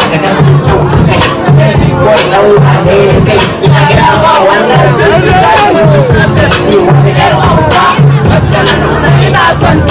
Allah ka kasan kyau kai wannan wane ne kai ina gida wannan sun su da su wani wacce na nuna ina son